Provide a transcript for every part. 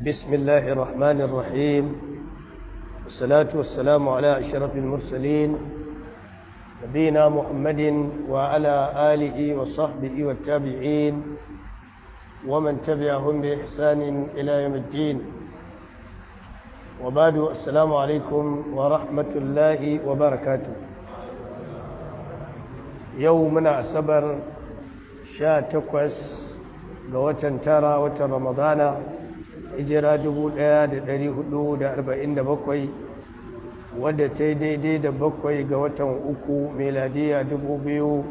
بسم الله الرحمن الرحيم والصلاة والسلام على أشرف المرسلين نبينا محمد وعلى آله وصحبه والتابعين ومن تبعهم بإحسان إلى يوم الدين وبعد السلام عليكم ورحمة الله وبركاته يومنا أسبر شاتكوس قوة ترى وترمضانا رمضان hijira 1447 wadda ta yi daidai da bakwai ga watan uku meladiya 2026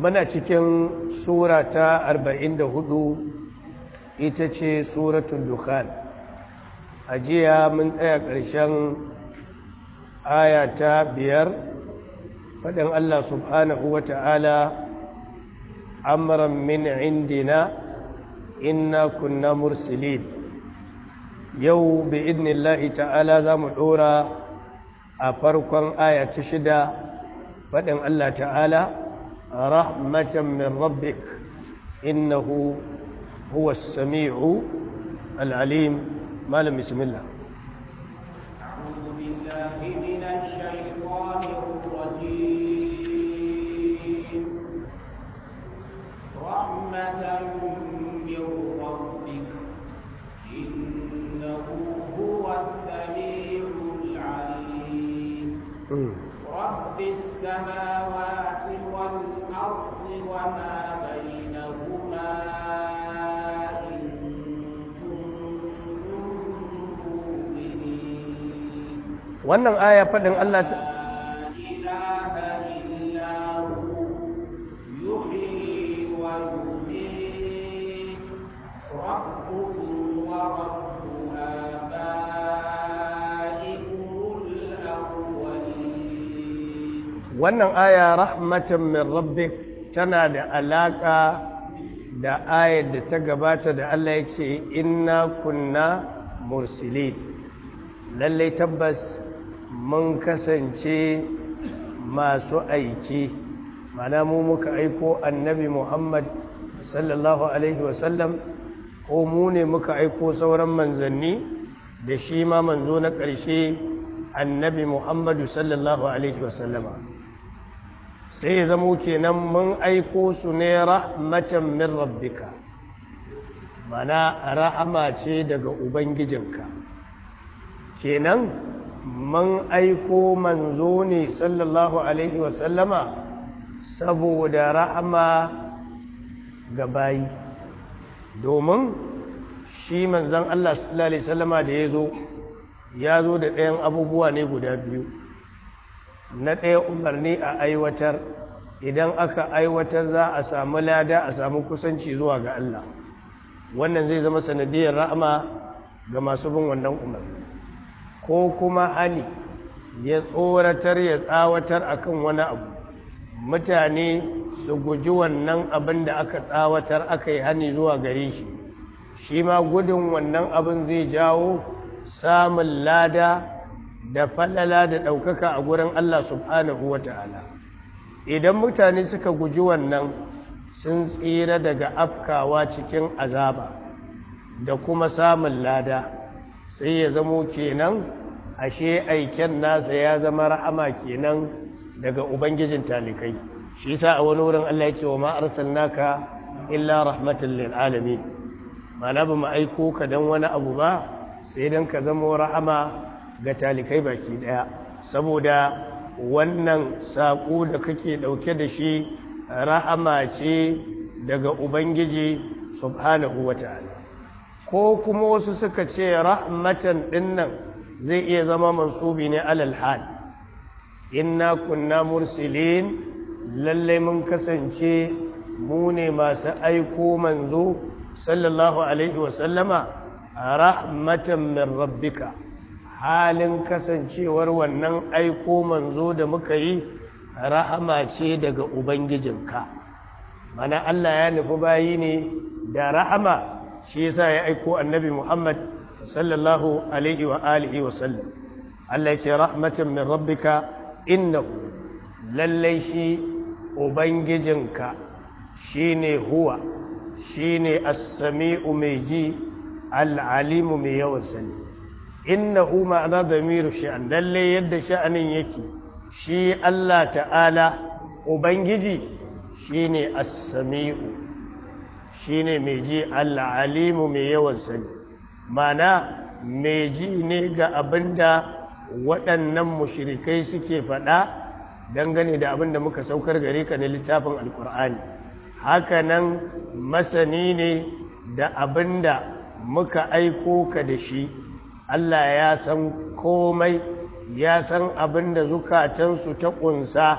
mana cikin sura ta 44 ita ce suratun dukhan a jiya mun tsaya ƙarshen aya ta biyar faɗin allah subhanahu wa ta'ala amran min indina inna kunna mursilin yau bi idnillahi ta'ala za mu ɗora a farkon aya ta shida faɗin Allah ta'ala rahmatan min rabbik innahu huwa sami'u al'alim malam bismillah wannan aya faɗin Allah ta wannan aya rahmatan min rabbi tana da alaƙa da ayar da ta gabata da Allah ya ce inna kunna mursili lallai tabbas mun kasance masu aiki mana mu muka aiko annabi muhammad sallallahu alaihi wasallam ko mu ne muka aiko sauran manzanni da shi ma manzo na ƙarshe annabi muhammadu sallallahu alaihi wasallama sai ya zamo kenan mun aiko su ne rahmatan min rabbika mana rahama ce daga ubangijinka kenan man aiko manzo ne sallallahu alaihi sallama saboda rahama ga bayi domin shi manzan Allah sallallahu alaihi da ya zo ya zo da ɗayan abubuwa ne guda biyu na ɗaya umarni a aiwatar idan aka aiwatar za a samu lada a samu kusanci zuwa ga Allah wannan zai zama sanadiyar rahama ga masu bin wannan umarni ko kuma hani ya tsoratar ya tsawatar akan wani abu mutane su guji wannan abin da aka tsawatar aka yi hani zuwa gare shi shi ma gudun wannan abin zai jawo samun lada da falala da ɗaukaka a gurin Allah subhanahu wa ta'ala idan mutane suka guji wannan sun tsira daga afkawa cikin azaba da kuma samun lada sai ya zamo kenan ashe aiken nasa ya zama ra'ama kenan daga ubangijin talikai shi yasa a wani wurin Allah ya ce wa ma arsalnaka illa rahmatan lil alamin mana ba mu aiko ka dan wani abu ba sai dan ka zama ra'ama ga talikai baki daya saboda wannan saƙo da kake ɗauke da shi rahama ce daga ubangiji subhanahu wa ko kuma wasu suka ce rahmatan dinnan zai iya zama mansubi ne alal hal inna kunna mursilin lalle mun kasance mu ne masu aiko manzo sallallahu alaihi wasallama rahmatan min rabbika halin kasancewar wannan aiko manzo da muka yi rahama ce daga ubangijinka mana Allah ya nufi bayi ne da rahama shi yasa ya aiko annabi Muhammad sallallahu alaihi wa alihi wa sallam Allah ya ce rahmatan min rabbika innahu lallai shi ubangijinka shine huwa shine as-sami'u mai ji al-alimu mai yawan sani innahu ana damiru sha'an lallai yadda sha'anin yake shi Allah ta'ala ubangiji shine as-sami'u Shi ne mai ji Allah alimu mai yawan sani mana mai ji ne ga abinda waɗannan mushrikai suke faɗa dangane da abinda muka saukar gare ka na littafin alkur'ani nan masani ne da abinda muka aiko ka da shi Allah ya san komai ya san abinda zukatansu ta ƙunsa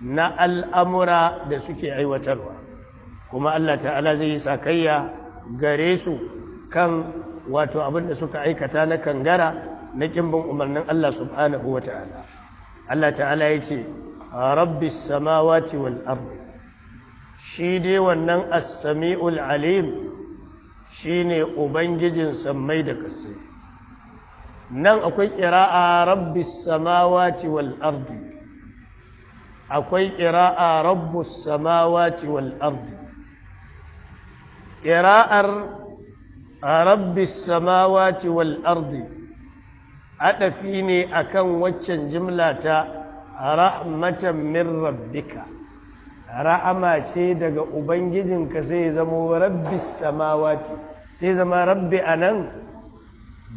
na al'amura da suke aiwatarwa kuma Allah ta'ala zai yi sakayya gare su kan wato abin da suka aikata na kangara na kimbin umarnin Allah subhanahu wa ta'ala Allah ta'ala ya ce rabbis samawati wal ardi shi dai wannan as-sami'ul alim shine ubangijin sammai da kasai nan akwai qira'a rabbis samawati wal ardi akwai ƙira'a rabbus samawati wal ardi ƙira'ar rabbis samawati wal ardi adafi ne akan waccan jimla ta rahmatan min rabbika rahama ce daga ubangijinka sai zamo rabbis samawati sai zama rabbi anan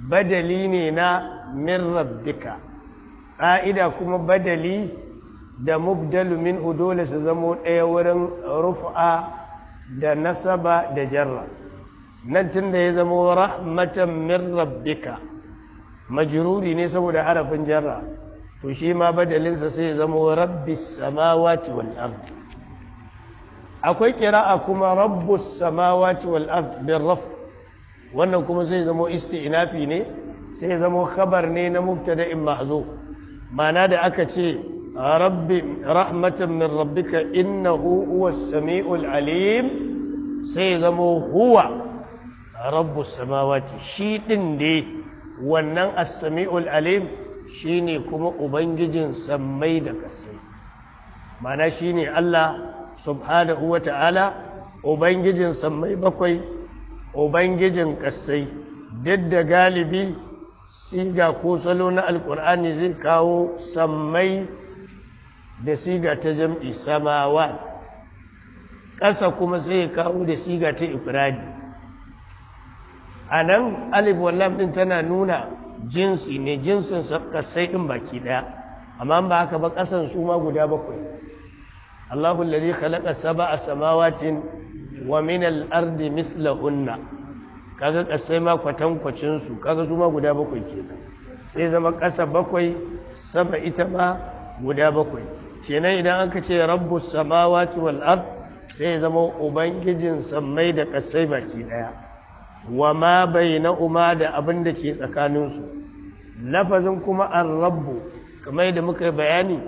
badali ne na min rabbika ƙa'ida kuma badali da mubdalu min dole su zamo ɗaya wurin rufa da nasaba da jarra nan tun da ya zama rahmatan min rabbika majruri ne saboda harafin jarra to shi ma badalinsa sai ya zama rabbis samawati wal ard akwai kira'a kuma rabbus samawati wal ard bil raf wannan kuma sai zama isti'nafi ne sai zama khabar ne na mubtada'in mahzuf ma'ana da aka ce rabbi rahmatan min rabbika innahu huwas sami'ul alim sai zamo huwa rabbus samawati shi din ne wannan as-sami'ul alim shine kuma ubangijin sammai da kasai mana shine Allah subhanahu ta'ala ubangijin sammai bakwai ubangijin ƙasai. duk da galibi siga ko salo na alkur'ani zai kawo sammai da siga ta jam'i samawa ƙasa kuma sai ya kawo da siga ta ifradi a nan alif wallam ɗin tana nuna jinsi ne jinsin kasai ɗin baki ɗaya amma ba haka ba ƙasan su ma guda bakwai Allahu lalai khalaqa sab'a samawacin wa min al-ardi hunna kaga kasai ma kwatankwacin su kaga su ma guda bakwai kenan sai zama ƙasa bakwai saba ita ma guda bakwai kenan idan aka ce Rabbu samawati wal ard sai zama ubangijin sammai da kasai baki daya wa ma da abin da ke tsakanin su lafazin kuma ar-rabbu kamar da muka bayani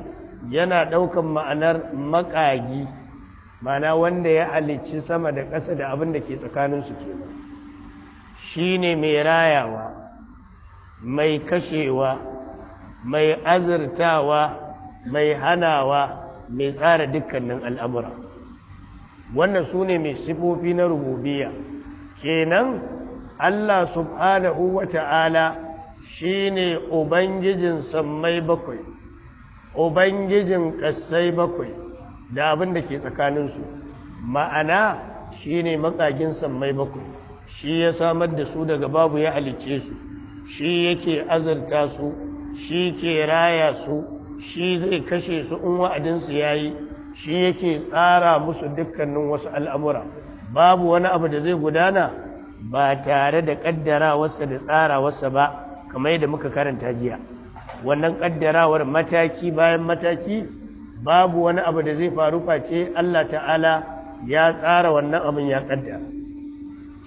yana daukan ma'anar makagi mana wanda ya halicci sama da ƙasa da abin da ke tsakanin su kenan shine mai rayawa mai kashewa mai azurtawa mai hanawa mai tsara dukkanin al'amura wannan su ne mai sifofi na rububiya kenan Allah subhanahu wa ta'ala shi ne Ubangijin sammai bakwai Ubangijin ƙasai bakwai da abin da ke tsakaninsu ma'ana shi ne makagin sammai bakwai shi ya samar da su daga babu ya halicce su shi yake azarta su shi ke raya su shi zai kashe su in wa'adinsu ya yi shi yake tsara musu dukkanin wasu al'amura babu wani abu da zai gudana ba tare da ƙaddara wasa da tsara wasa ba kamar yadda muka karanta jiya wannan ƙaddarawar mataki bayan mataki babu wani abu da zai faru face Allah ta'ala ya tsara wannan abin ya ƙadda.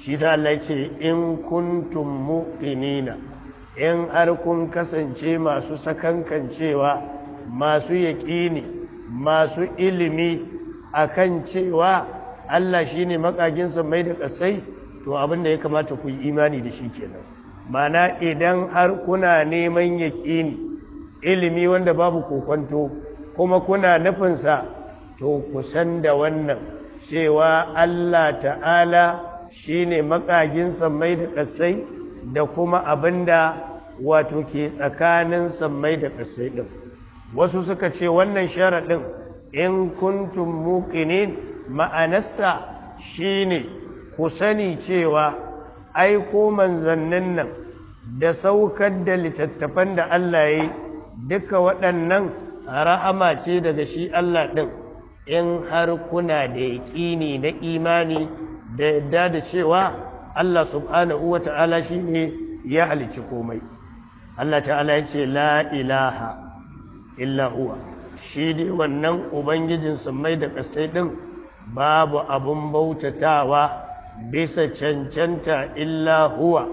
shi sa Allah ya ce in kuntum muqinina in har kun kasance masu sakankancewa masu yaƙini masu ilimi akan cewa Allah shi ne maƙaginsa mai da ƙasai to abin da ya kamata ku yi imani da shi kenan mana idan har kuna neman yaƙini ilimi wanda babu kokonto kuma kuna nufinsa to ku san da wannan cewa Allah ta'ala shi ne makaginsa mai da ƙasai da kuma abinda wato ke tsakanin samai da ƙasai ɗin wasu suka ce wannan sharaɗin in kuntun muqinin ma'anarsa shine ku sani cewa aiko manzannin nan da saukar da littattafan da Allah ya yi duka waɗannan rahama ce daga shi Allah ɗin in har kuna da yaƙini na imani da yadda da cewa Allah subhanahu wa ta'ala shi ne ya halici komai Allah ta'ala ya ce la ilaha illa huwa shi dai wannan ubangijin mai da ƙasai ɗin babu abun bautatawa bisa cancanta illa huwa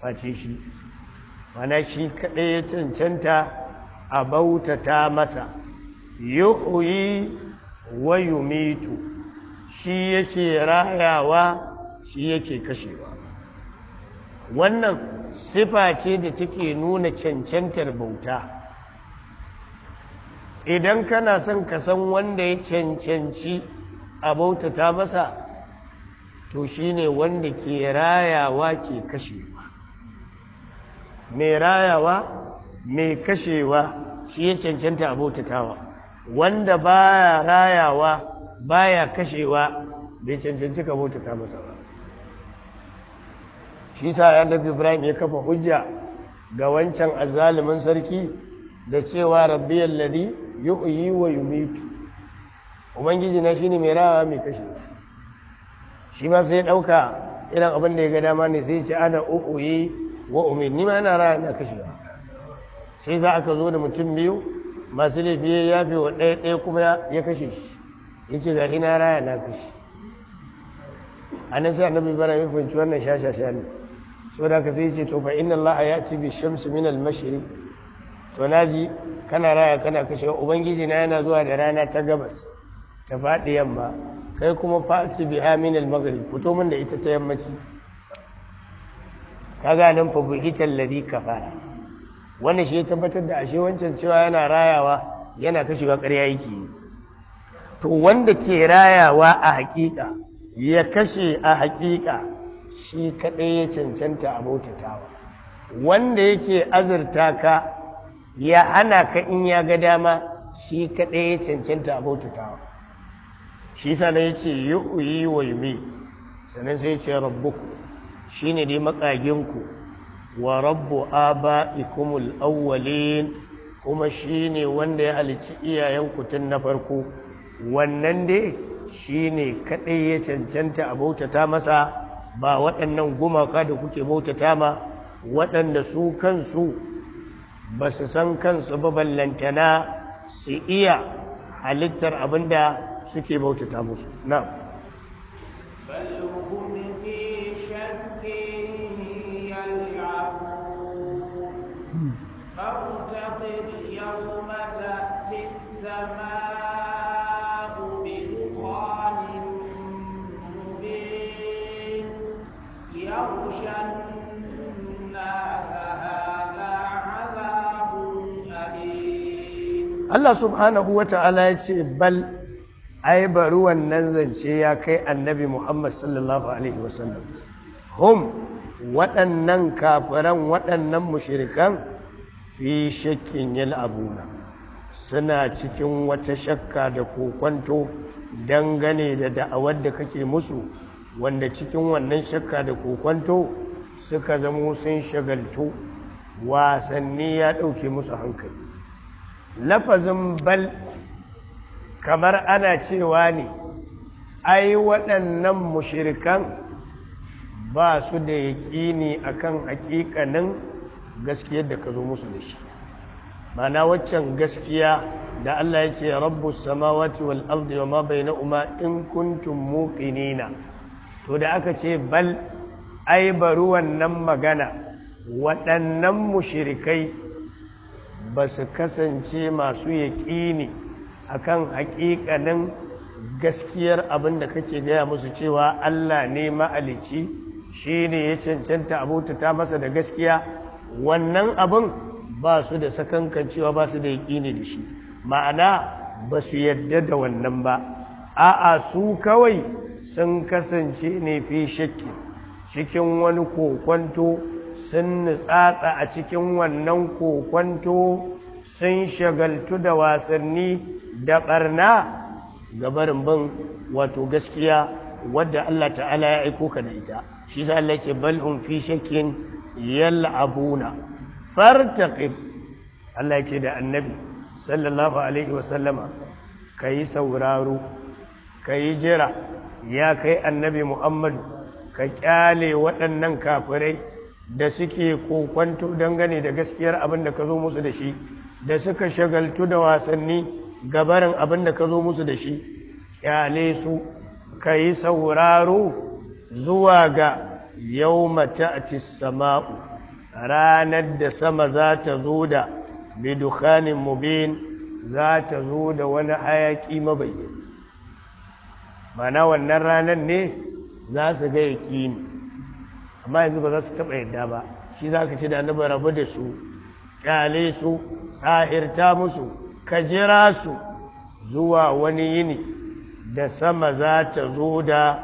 face shi mana shi kaɗai ya cancanta a bautata masa yuhuyi wa yumitu shi yake rayawa shi yake kashewa wannan sifa ce da take nuna cancantar bauta idan kana son ka san wanda ya cancanci a bautata masa to shine wanda ke rayawa ke kashewa mai rayawa mai kashewa shi ya cancanta a bautatawa wanda baya rayawa baya kashewa bai cancanci ka bautata masa ba shi sa ya nabi ibrahim ya kafa hujja ga wancan azalimin sarki da cewa rabbi yi uyi wa yumitu ubangiji na shine mai rawa mai kashe shi ma sai dauka irin abin da ya ga dama ne sai ce ana uhuyi wa umid ni ma ina rawa ina kashe sai za aka zo da mutum biyu masu laifi ya yafe wa ɗaya ɗaya kuma ya kashe shi ya ce ga ina raya na kashe a nan sai annabi bara ya fahimci wannan shashashani. Sau saboda ka sai ce to fa inna allaha ya ci bi shamsu min al to na ji kana raya kana kashewa ubangiji na yana zuwa da rana ta gabas ta faɗi yamma kai kuma Fati bi aminal maghrib fito min da ita ta yammaci kaga nan fa buhital ladhi kafara wannan shi tabbatar da ashe wancan cewa yana rayawa yana kashewa ƙarya yake to wanda ke rayawa a haƙiƙa, ya kashe a haƙiƙa, shi kaɗai ya cancanta a bautatawa wanda yake azurta ka ya ana ka in ya ga dama shi kaɗai ya cancanta a bautatawa shi sana ya ce yi uyi wa yumi sannan sai ce rabbuku shi ne dai makaginku wa rabbu aba'ikumul awwalin kuma shi ne wanda ya halicci iyayenku tun na farko wannan dai shi ne kaɗai ya cancanta a bautata masa ba waɗannan gumaka da kuke bautata ma waɗanda su kansu ba su san kansu ba ballantana su iya halittar abinda suke bautata musu na'am Allah subhanahu wa ta'ala ya ce bal ai bari wannan zance ya kai annabi Muhammad sallallahu alaihi wasallam hum waɗannan kafiran waɗannan mushirikan fi shakkin abuna, suna cikin wata shakka da kokwanto dangane da da'awar da kake musu wanda cikin wannan shakka da kokwanto suka zamo sun shagaltu wasanni ya ɗauke musu hankali lafazin bal kamar ana cewa ne ai waɗannan mushirikan ba su da yaƙini akan haƙiƙanin gaskiyar da ka zo musu da shi mana waccan gaskiya da Allah ya ce rabbus samawati wal ardi wa ma umar in muƙi nina, to da aka ce bal ai bari wannan magana waɗannan mushirikai ba su kasance masu ne a kan haƙiƙanin gaskiyar abin da kake gaya musu cewa Allah ne ma'alici shi ne ya cancanta abota ta masa da gaskiya wannan abin ba su da sakankan cewa ba su da ne da shi ma'ana ba su yadda da wannan ba a'a su kawai sun kasance ne fi shakki cikin wani kokwanto sun nutsatsa a cikin wannan kokwanto sun shagaltu da wasanni da ɓarna barin bin wato gaskiya wadda Allah ta'ala ya aiko ka da ita shi sa Allah ke bal'un fi shakkin abuna fartaqib Allah ya ce da annabi sallallahu alaihi wa sallama kai sauraro kai jira ya kai annabi Muhammadu ka kyale waɗannan kafirai da suke kokwanto dangane da gaskiyar abin da ka zo musu da shi da suka shagaltu da wasanni gabarin abin da ka zo musu da shi ƙyale su ka yi sauraro zuwa ga yau a tisama'u ranar da sama za ta zo da bidukhanin mubin za ta zo da wani hayaƙi mabayyana mana wannan ranar ne za su ga yaƙini amma yanzu ba za su taɓa yadda ba shi za ka ce da na rabu da su ƙyale su tsahirta musu ka jira su zuwa wani yini da sama za ta zo da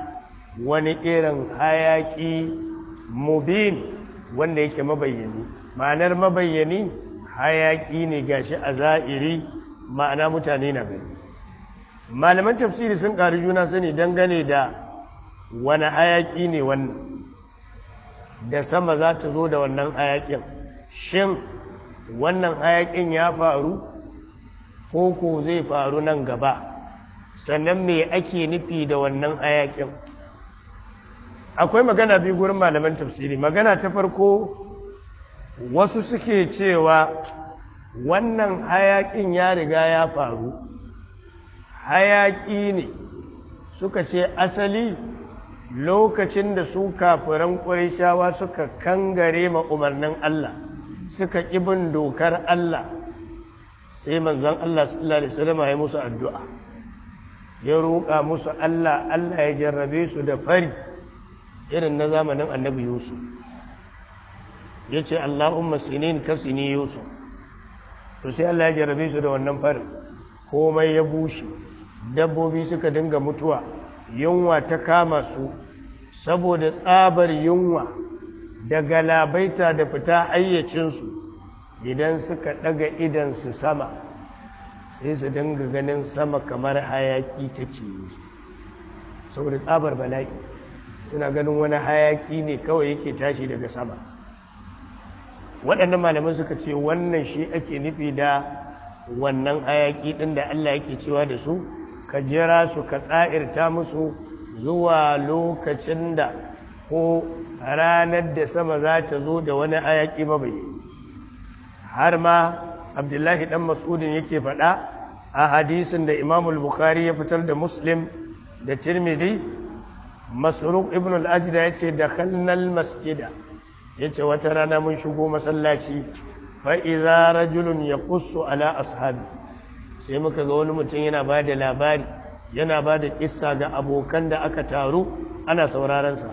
wani irin hayaƙi mubin wanda yake mabayyani ma'anar mabayyani hayaƙi ne gashi a za'iri ma'ana mutane na gani malaman tafsiri sun ƙari juna sani dangane da wani hayaƙi ne wannan da sama za ta zo da wannan ayakin shin wannan ayakin ya faru ko ko zai faru nan gaba sannan me ake nufi da wannan ayakin akwai magana biyu gurin malaman tafsiri magana ta farko wasu suke cewa wannan hayakin ya riga ya faru hayaki ne suka ce asali lokacin da su kafiran ƙurishawa suka kangare ma umarnin Allah suka ƙibin dokar Allah sai manzan Allah sallallahu alaihi wasallam ya musu addu'a ya roƙa musu Allah Allah ya jarrabe su da fari irin na zamanin Annabi Yusuf yace Allahumma sinin kasini Yusuf to sai Allah ya jarrabe su da wannan farin komai ya bushe dabbobi suka dinga mutuwa yunwa ta kama su saboda tsabar yunwa daga labaita da fita hayyacinsu idan suka ɗaga idansu sama sai su dinga ganin sama kamar hayaki take yi saboda tsabar bala'i suna ganin wani hayaƙi ne kawai yake tashi daga sama waɗannan malaman suka ce wannan shi ake nufi da wannan hayaƙi ɗin da Allah yake cewa da su ka jira su ka tsa'irta musu zuwa lokacin da ko ranar da sama za ta zo da wani ayaki babai har ma abdullahi dan mas'udin yake faɗa a hadisin da imamul bukhari ya fitar da muslim da tirmidhi masruq ibn al-ajda yace dakhalna al-masjida yace wata rana mun shigo masallaci fa idza rajulun yaqussu ala ashabi sai muka ga wani mutum yana bada labari yana ba da ƙissa ga abokan da aka taru ana saurarensa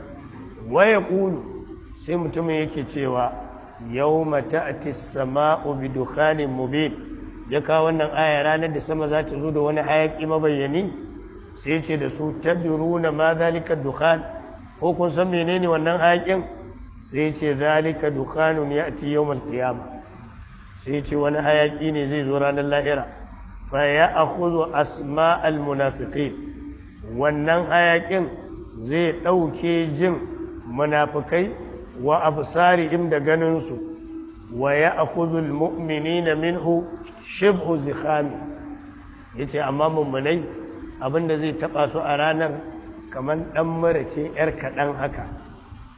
waya ƙulu sai mutumin yake cewa yau mata a bi dukhanin mubin ya kawo wannan aya ranar da sama za ta zo da wani hayaƙi mabayyani sai ce da su tabiru na ma zalika dukhan ko kun san menene wannan hayaƙin sai ce zalika dukhanun ya ci yau malkiyama sai ce wani hayaƙi ne zai zo ranar lahira faya akhudhu asma'al munafiqin wannan hayaƙin zai ɗauke jin munafikai wa absarihim da ganin su wa ya'khudhu almu'minina minhu shibhu Ya yace amma mummunai abinda zai taɓa su a ranar kamar ɗan marace yar kaɗan haka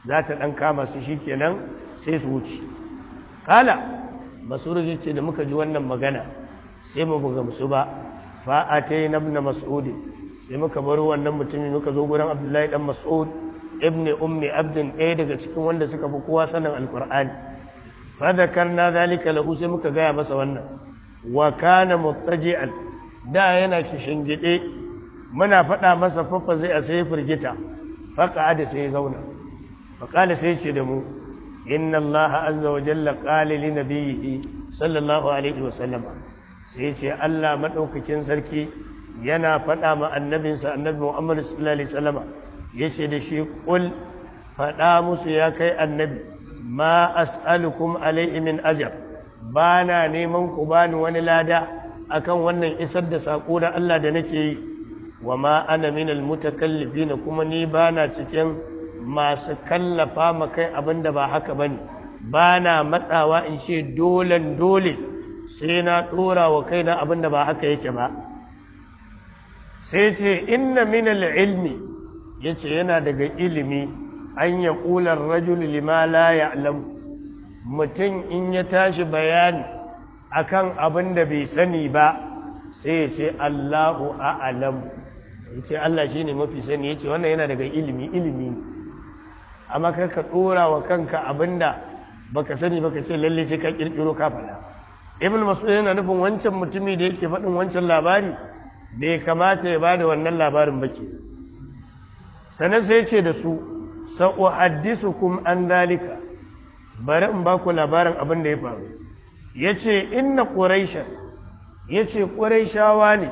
za ta ɗan kama su shikenan sai su wuce kala masurug ce da muka ji wannan magana sai mu buga musu ba fa'atai na ibn mas'ud sai muka bar wannan mutumin muka zo gurin abdullahi dan mas'ud ibn ummi abdin ɗaya daga cikin wanda suka fi kowa sanin alqur'ani fa dhakarna zalika lahu sai muka gaya masa wannan wa kana muttaji'an da yana kishingide muna faɗa masa fafa zai a sai firgita faqa da sai zauna faqala sai ce da mu inna allaha azza wa jalla qala li nabiyhi sallallahu alaihi wa sallama sai ce Allah maɗaukakin sarki yana faɗa ma annabinsa annabi Muhammad sallallahu alaihi wasallam yace da shi kul faɗa musu ya kai annabi ma as'alukum alaihi min ajr bana neman ku bani wani lada akan wannan isar da sako da Allah da nake yi wa ma ana min na kuma ni bana cikin masu kallafa ma kai abinda ba haka bane bana matsawa in ce dolan dole sai na ɗora wa na abin da ba haka yake ba sai ce inna min ilmi ya ce yana daga ilimi an ya ƙular rajul lima la ya'lam mutum in ya tashi bayani akan abin da bai sani ba sai ce Allahu a'lam ya ce Allah shine mafi sani ya ce wannan yana daga ilimi ilimi amma ka ɗora wa kanka abin da baka sani baka ce lalle shi ka ƙirƙiro ka faɗa ibn mas'ud yana nufin wancan mutumi da yake faɗin wancan labari bai kamata ya ba da wannan labarin ba ke sannan sai ce da su Kuma an dalika bari in ba ku labarin abin da ya faru Ya yace inna Ya ce, ƙuraishawa ne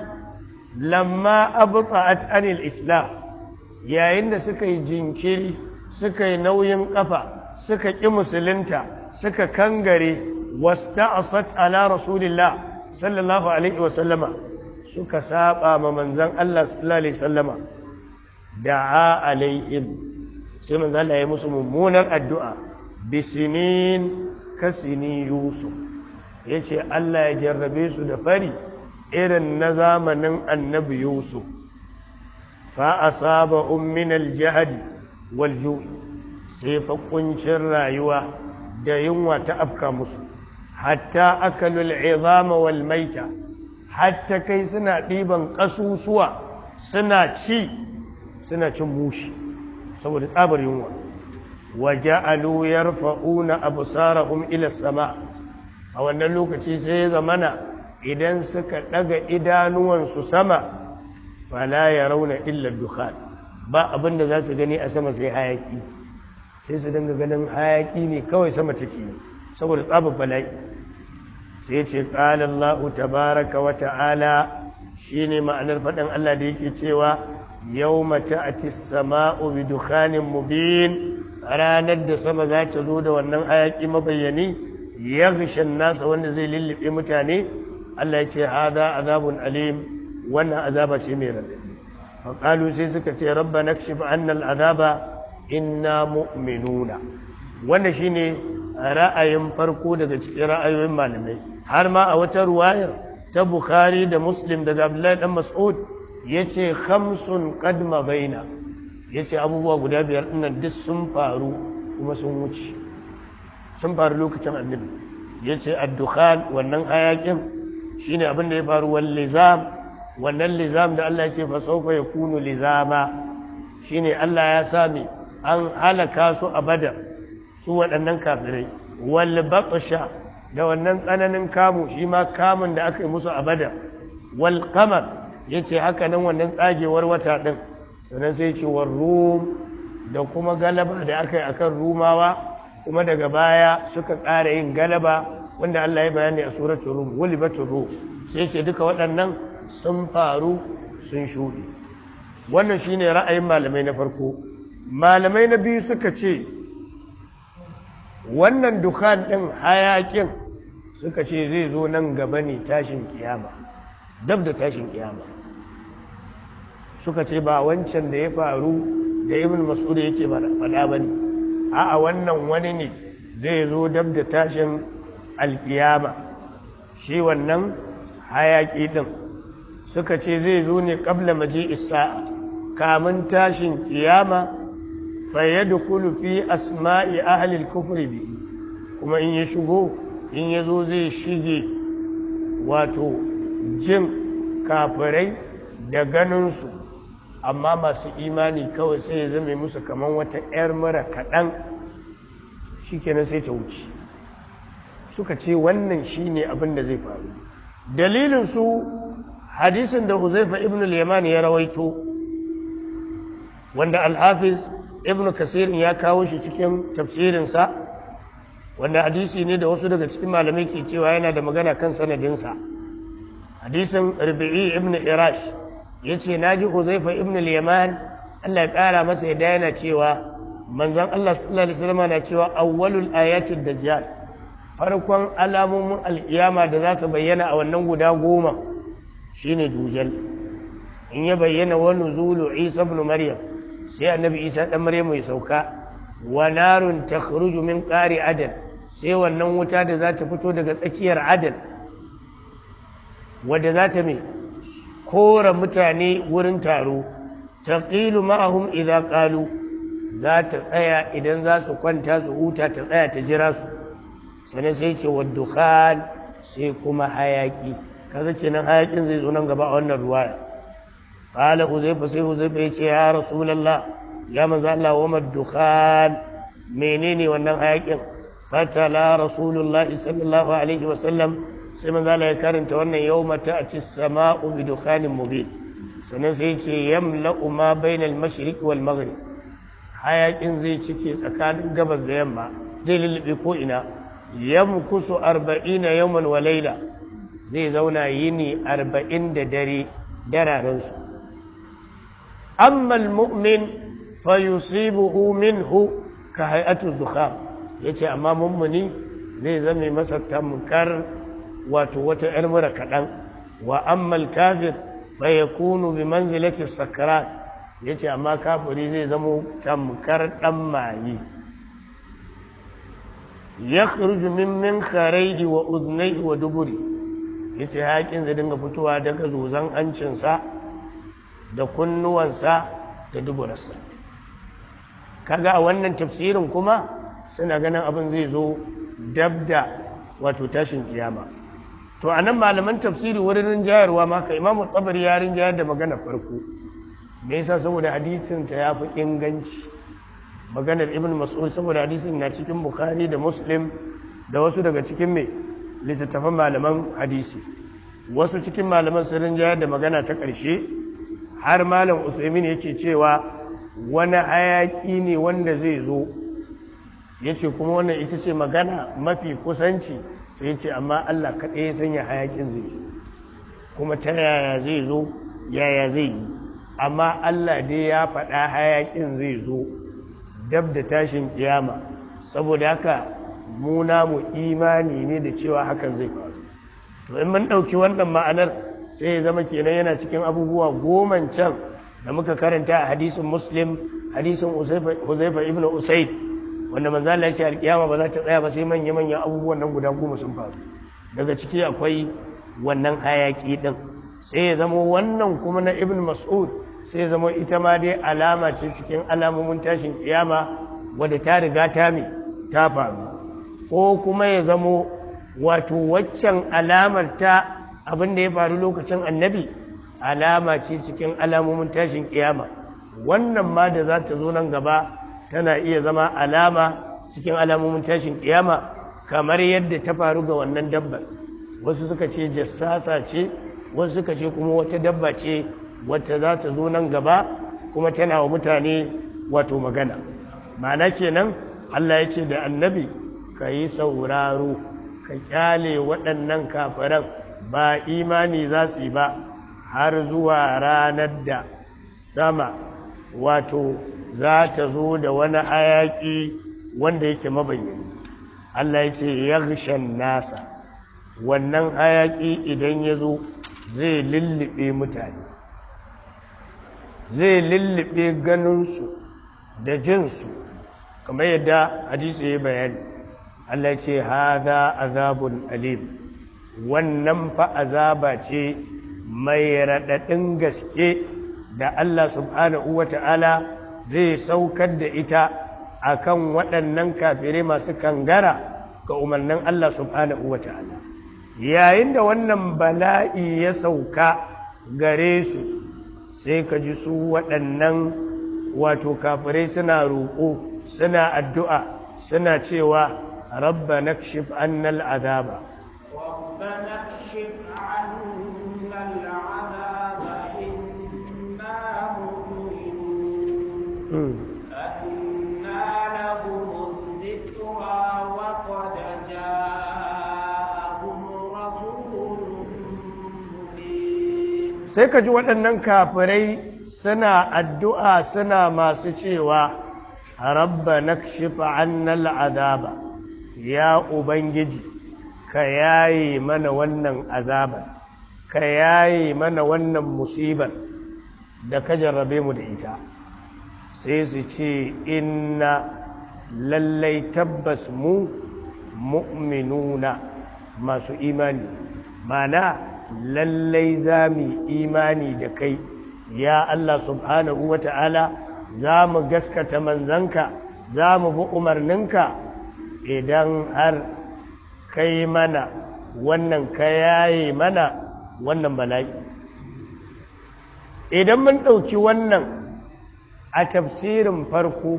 lamma abta'at anil islam yayin da suka yi jinkiri suka yi nauyin ƙafa, suka ƙi musulunta suka kangare wasta'asat ala rasulillah sallallahu alaihi wa sallama suka saba ma manzon Allah sallallahu alaihi sallama da'a alaihim sai manzon Allah ya musu mummunar addu'a bisinin kasini yusuf yace Allah ya jarrabe su da fari irin na zamanin annabi yusuf fa saba ummin aljahad walju sai fa rayuwa da yunwa ta afka musu hatta akalul izama wal maita hatta kai suna ɗiban ƙasusuwa suna ci suna cin mushi saboda tsabar yunwa waja'alu yarfa'una absarahum ila sama a wannan lokaci sai ya zamana idan suka idanuwan idanuwansu sama fala rauna illar dukkan. ba abin da za su gani a sama sai hayaki sai su dinga ganin hayaki ne kawai sama ne. saboda tsabar bala'i sai ce qala tabaraka wa ta'ala shine ma'anar faɗin Allah da yake cewa yau mata as-sama'u bi dukhanin mubin ranar da sama za ta zo da wannan hayaki mabayyani yaghshan nasa wanda zai lullube mutane Allah ya ce hadha azabun alim wannan azaba ce mai radadi fa sai suka ce rabba na anna al-azaba inna mu'minuna wannan shine ra'ayin farko daga cikin ra'ayoyin malamai har ma a wata ruwayar ta bukhari da muslim daga abdullahi dan mas'ud Ya ce yace kadma qad Ya ce abubuwa guda biyar dinnan duk sun faru kuma sun wuce sun faru lokacin annabi Ya ce addukhan wannan hayakin shine abin da ya faru wal lizam wannan lizam da Allah ce fa sawfa yakunu lizama shine Allah ya sami an halaka su a badar su waɗannan kafirai wal batsha da wannan tsananin kamu shi ma kamun da aka yi musu a bada wal ya ce haka nan wannan tsagewar wata ɗin, sannan sai ce wa rum da kuma galaba da aka yi a kan rumawa kuma daga baya suka ƙara yin galaba wanda Allah ya bayani a suratul rum walibatul rum sai ce duka waɗannan sun faru sun shuɗi wannan shine ra'ayin malamai na farko malamai na biyu suka ce wannan dukan ɗin hayakin suka ce zai zo nan gaba ne tashin kiyama dab da tashin kiyama suka ce ba wancan da ya faru da ibn mas'ud yake faɗa ba ne a'a wannan wani ne zai zo dab da tashin alkiyama shi wannan hayaki ɗin suka ce zai zo ne ƙabla maji isa, kamun tashin kiyama fayyadukulu fi asma'i ahalil kufri bihi kuma in ya shigo in yi zo zai shige wato jin kafirai da ganinsu amma masu imani kawai sai ya zame musu kamar wata 'yar mara kaɗan shi kenan sai ta wuce suka ce wannan shi ne abin da zai faru dalilinsu hadisin da huzaifa ibn al-yamani ya rawaito wanda al-hafiz ibn kasirin ya kawo shi cikin tafsirinsa wanda hadisi ne da wasu daga cikin malamai ke cewa yana da magana kan sanadinsa hadisin rubi'i ibn irash ya ce na ji huzaifa ibn liyaman allah ya ƙara masa ya yana cewa manzon allah sallallahu alaihi wasallam na cewa awwalul ayatul dajjal farkon alamomin alkiyama da za ta bayyana a wannan guda goma shine dujal in ya bayyana wani zulu isa ibn maryam sai annabi isa dan maryam ya sauka wa narun takhruju min qari adan sai wannan wuta da za ta fito daga tsakiyar adan wadda za ta mai kora mutane wurin taro taqilu ma'ahum idza qalu za ta tsaya idan za su kwanta su huta ta tsaya ta jira su sai sai ce waddukan sai kuma hayaki kaga kenan hayakin zai zo nan gaba a wannan ruwaya qala huzaifa sai huzaifa ya ce ya rasulullah ya manzo Allah wa madukhan menene wannan hayakin fatala rasulullah sallallahu alaihi wa sallam sai manzo Allah ya karanta wannan yawma ta'ti as-sama'u bi dukhanin mubin sannan sai ya ce yamla'u ma bainal mashriq hayakin zai cike tsakanin gabas da yamma zai lullube ko ina yamkusu 40 yawman wa layla zai zauna yini arba'in da dare dararensu amma mumin fa minhu ka hay'atu dhukhab yace amma mummuni zai zame masa tamkar wato wata yar mura kadan wa amma kafir fa bi manzilati sakran yace amma kafiri zai zamo tamkar dan maye yakhruju min min kharayhi wa udnayhi wa duburi yace haƙin zai dinga fitowa daga zozan hancinsa da kunnuwansa da duburarsa kaga a wannan tafsirin kuma suna ganin abin zai zo dab da wato tashin kiyama to a nan malaman tafsiri wurin rinjayarwa maka imamu tsabar ya rinjayar da magana farko me yasa saboda hadisin ta ya fi inganci maganar ibn mas'ud saboda hadisin na cikin bukhari da muslim da wasu daga cikin mai littattafan malaman hadisi wasu cikin malaman sun rinjayar da magana ta ƙarshe har malam usaimin yake cewa wani hayaki ne wanda zai zo ya ce kuma wannan ita ce magana mafi kusanci sai ce amma allah kaɗai ya sanya hayakin zai zo kuma ta yaya zai zo yaya zai yi amma allah dai ya faɗa hayakin zai zo dab da tashin kiyama saboda haka mu imani ne da cewa hakan zai faru to in mun ɗauki wannan ma'anar sai ya zama kenan yana cikin abubuwa goma can da muka karanta a hadisin muslim hadisin huzaifa ibn usaid wanda manzo Allah ya ce alkiyama ba za ta tsaya ba sai manya manyan abubuwan nan guda goma sun faru daga ciki akwai wannan hayaki din sai ya zama wannan kuma na ibn mas'ud sai ya zama ita ma dai alama ce cikin alamomin tashin kiyama wadda ta riga ta me ta faru ko kuma ya zamo wato waccan alamar ta abin da ya faru lokacin annabi alama ce cikin alamomin tashin kiyama wannan ma da za ta zo nan gaba tana iya zama alama cikin alamomin tashin kiyama kamar yadda ta faru ga wannan dabbar wasu suka ce jassasa ce wasu suka ce kuma wata dabba ce wata za ta zo nan gaba kuma tana wa mutane wato magana ma'ana kenan Allah ya ce da annabi ka yi sauraro ka kyale waɗannan kafaran ba imani za su yi ba har zuwa ranar da sama wato za ta zo da wani hayaki wanda yake mabayyani Allah ya ce yaghshan nasa wannan hayaki idan ya zo zai lullube mutane zai lullube ganinsu da jinsu kamar yadda hadisi ya bayani Allah ya ce hadha azabun alim wannan fa azaba ce mai raɗaɗin gaske da Allah subhanahu wata'ala zai saukar da ita akan waɗannan kafirai masu kangara ga umarnin Allah subhanahu wata'ala yayin da wannan bala'i ya sauka gare su sai ka ji su waɗannan wato kafirai suna roƙo suna addu'a suna cewa rabba kashif annal azaba ربنا اكشف عنا العذاب إنا مؤمنون أنا لهم الذكرى وقد جاءهم رسول مبين سيكجو waɗannan kafirai suna addu'a suna masu cewa rabba na shifa annal ya ubangiji ka yaye mana wannan azabar ka yaye mana wannan musibar da ka jarrabe mu da ita sai su ce inna lallai tabbas mu mu'minuna masu imani mana lallai za mu imani da kai ya Allah subhanahu wa ta'ala za mu gaskata manzanka za mu bi umarninka idan har kai mana wannan ka yaye mana wannan bala'i idan mun ɗauki wannan a tafsirin farko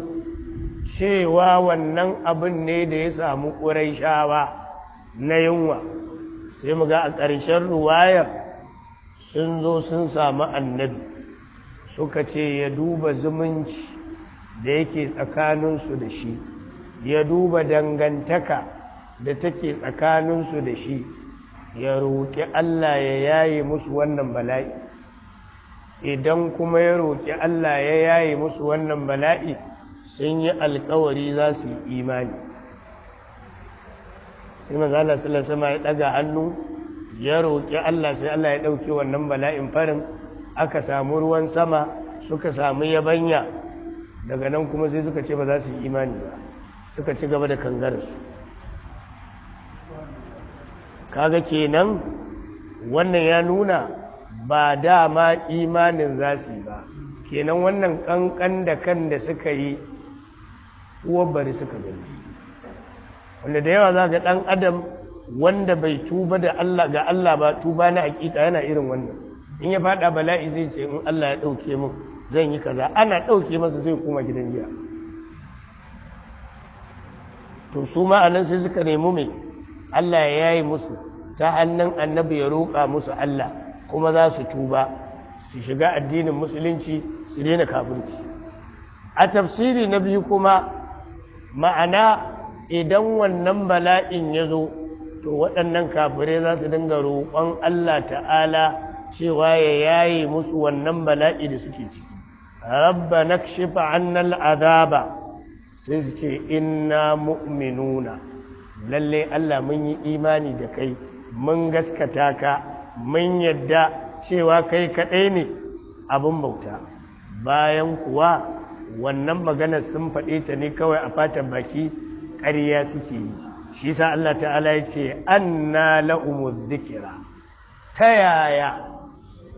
cewa wannan abin ne da ya samu ƙurai shawa na yunwa sai mu ga a ƙarshen ruwayar sun zo sun samu annabi suka ce ya duba zumunci da yake tsakaninsu da shi ya duba dangantaka da take tsakaninsu da shi ya roƙi Allah ya yaye musu wannan bala'i idan kuma ya roƙi Allah ya yaye musu wannan bala'i sun yi alkawari za su yi imani sai mazala sama ya ɗaga hannu ya roƙi Allah sai Allah ya ɗauke wannan bala'in farin aka samu ruwan sama suka samu yabanya daga nan kuma sai suka ce ba za su yi imani ba suka ci gaba da kangararsu kaga kenan wannan ya nuna ba dama imanin zasi ba kenan wannan kankan da kan da suka yi uwar bari suka gani wanda da yawa za ga ɗan adam wanda bai tuba da Allah ga Allah ba tuba na hakika yana irin wannan in ya fada bala'i zai ce in Allah ya ɗauke min zan yi kaza ana ɗauke masa zai koma gidan jiya to su ma anan sai suka nemi mai Allah ya yi musu ta hannun annabi ya roƙa musu Allah kuma za su tuba su shiga addinin musulunci su daina kafirci a tafsiri na biyu kuma ma'ana idan wannan bala'in ya zo to waɗannan kafirai za su dinga roƙon Allah ta'ala cewa ya yaye musu wannan bala'i da suke ciki rabba nakshifa annal azaba sai su ce inna mu'minuna lalle Allah mun yi imani da kai mun gaskata ka mun yadda cewa kai kaɗai ne abin bauta bayan kuwa wannan maganar sun faɗe ta ne kawai a fatan baki ƙarya suke yi shi sa Allah ta'ala ya ce anna la'umu zikira. ta yaya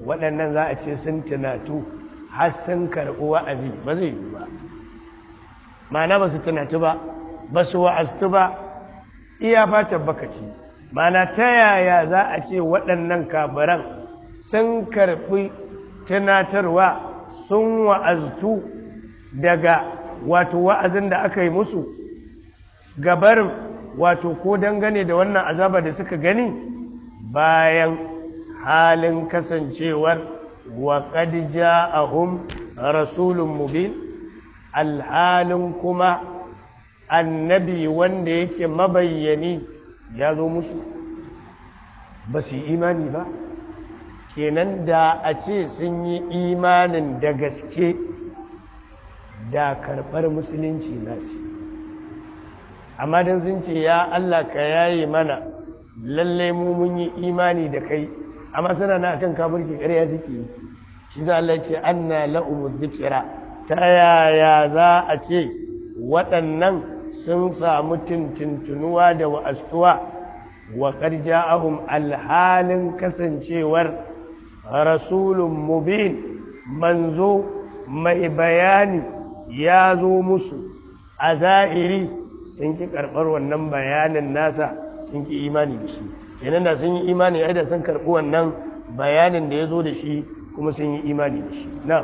waɗannan za a ce sun tunatu har sun karɓi wa'azi ba zai yi ba ma'ana ba su tunatu ba ba su wa'aztu ba iya fatar baka ce mana ta yaya za a ce waɗannan kabaran sun karɓi tunatarwa sun wa'aztu daga wato wa'azin da aka yi musu gabar wato ko dangane da wannan azaba da suka gani bayan halin kasancewar wa a ja'ahum rasulun mubin alhalin kuma annabi wanda yake mabayyani ya zo musu ba su yi imani ba kenan da a ce sun yi imanin da gaske da karɓar musulunci za su amma don sun ce ya Allah ka yaye mana lallai mu mun yi imani da kai amma suna na akan kafirci ƙarya suke yi shi za Allah ce anna la'umu zikira ta yaya za a ce waɗannan sun samu tuntuntunuwa da wa'astuwa wa ƙarja ahun alhalin kasancewar rasulun mubin manzo mai bayani ya zo musu a za'iri sun ki karɓar wannan bayanin nasa sun ki imani da shi kenan da sun yi imani ya sun karɓi wannan bayanin da ya zo da shi kuma sun yi imani da shi na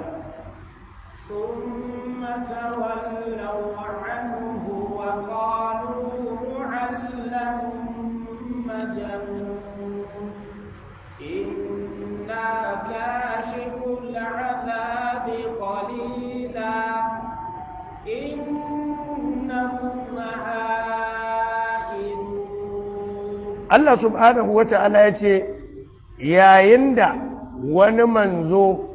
Allah subhanahu wa ta'ala ya ce yayin da wani manzo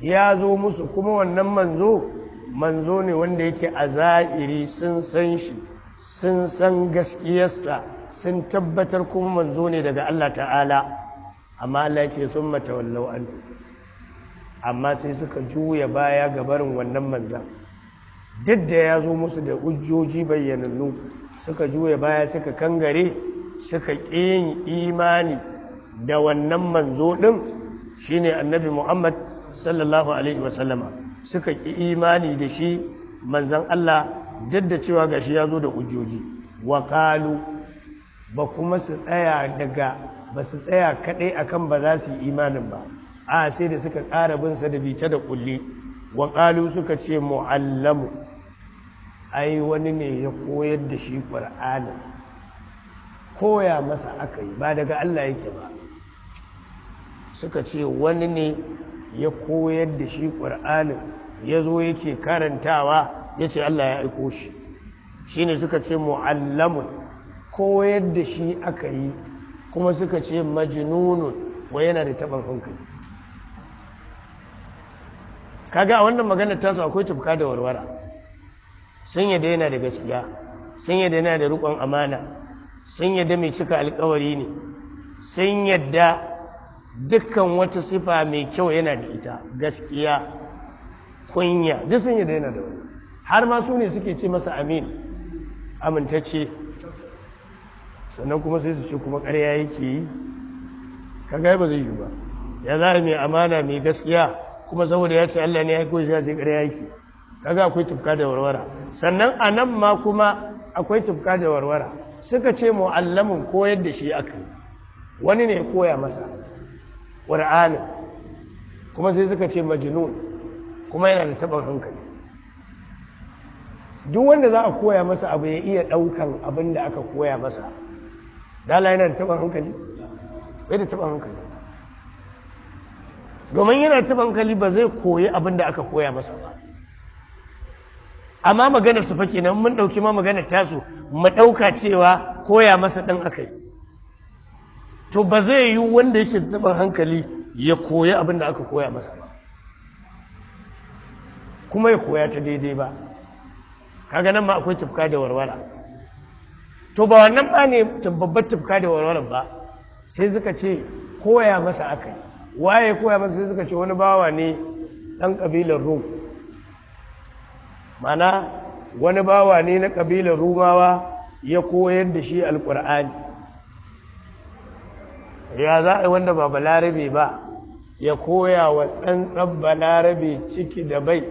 ya zo musu kuma wannan manzo manzo ne wanda yake a za'iri sun san shi sun san gaskiyarsa sun tabbatar kuma manzo ne daga Allah ta'ala amma Allah ya ce sun mata wallau an amma sai suka juya baya ga barin wannan manzan duk da ya zo musu da ujjoji bayyanannu suka juya baya suka kangare suka ƙin imani da wannan manzo ɗin shi ne annabi muhammad sallallahu alaihi wasallama suka ƙi imani da shi manzan allah duk da cewa gashi ya zo da hujjoji wa ba kuma su tsaya daga ba su tsaya kaɗai akan ba za su yi imanin ba a sai da suka ƙara binsa da bita da ƙulli wa suka ce mu'allamu ai wani ne ya koyar da shi ƙwar'anin koya masa aka yi ba daga Allah yake ba suka ce wani ne ya koyar da shi ƙur'anin ya zo yake karantawa ya ce Allah ya aiko shi shi ne suka ce mu'allamun koyar da shi aka yi kuma suka ce majinunun wa yana da taɓar hankali kaga a wannan maganar tasu akwai tufka da warwara sun yadda yana da gaskiya sun yadda yana da riƙon amana sun yadda mai cika alkawari ne sun yadda dukkan wata sifa mai kyau yana da ita gaskiya kunya duk sun yadda yana da wani har ma su ne suke ce masa amin amintacce sannan kuma sai su ce kuma ƙarya yake yi kaga ba zai yi ba ya za mai amana mai gaskiya kuma saboda ya ce Allah ne ya koyi ya ce ƙarya yake kaga akwai tufka da warwara sannan a nan ma kuma akwai tufka da warwara suka ce mu'allamin koyar da shi aka wani ne koya masa ƙur'anin kuma sai suka ce majinun kuma yana da taɓa hankali duk wanda za a koya masa abu ya iya ɗaukan abin da aka koya masa dala yana da taɓa hankali bai da taɓa hankali domin yana taɓa hankali ba zai koyi abin da aka koya masa ba amma maganar su fake kenan mun ɗauki ma maganar tasu mu ɗauka cewa koya masa dan akai to ba zai yi wanda yake zuban hankali ya koyi abin da aka koya masa ba kuma ya koya ta daidai ba kaga nan ma akwai tufka da warwara to ba wannan ba ne babbar tufka da warwara ba sai suka ce koya masa akai waye koya masa sai suka ce wani bawa ne dan kabilar rum mana wani bawa ne na kabilar rumawa ya koyar da shi alkur'ani ya za a wanda ba balarabe ba ya koya wa tsantsan balarabe ciki da bai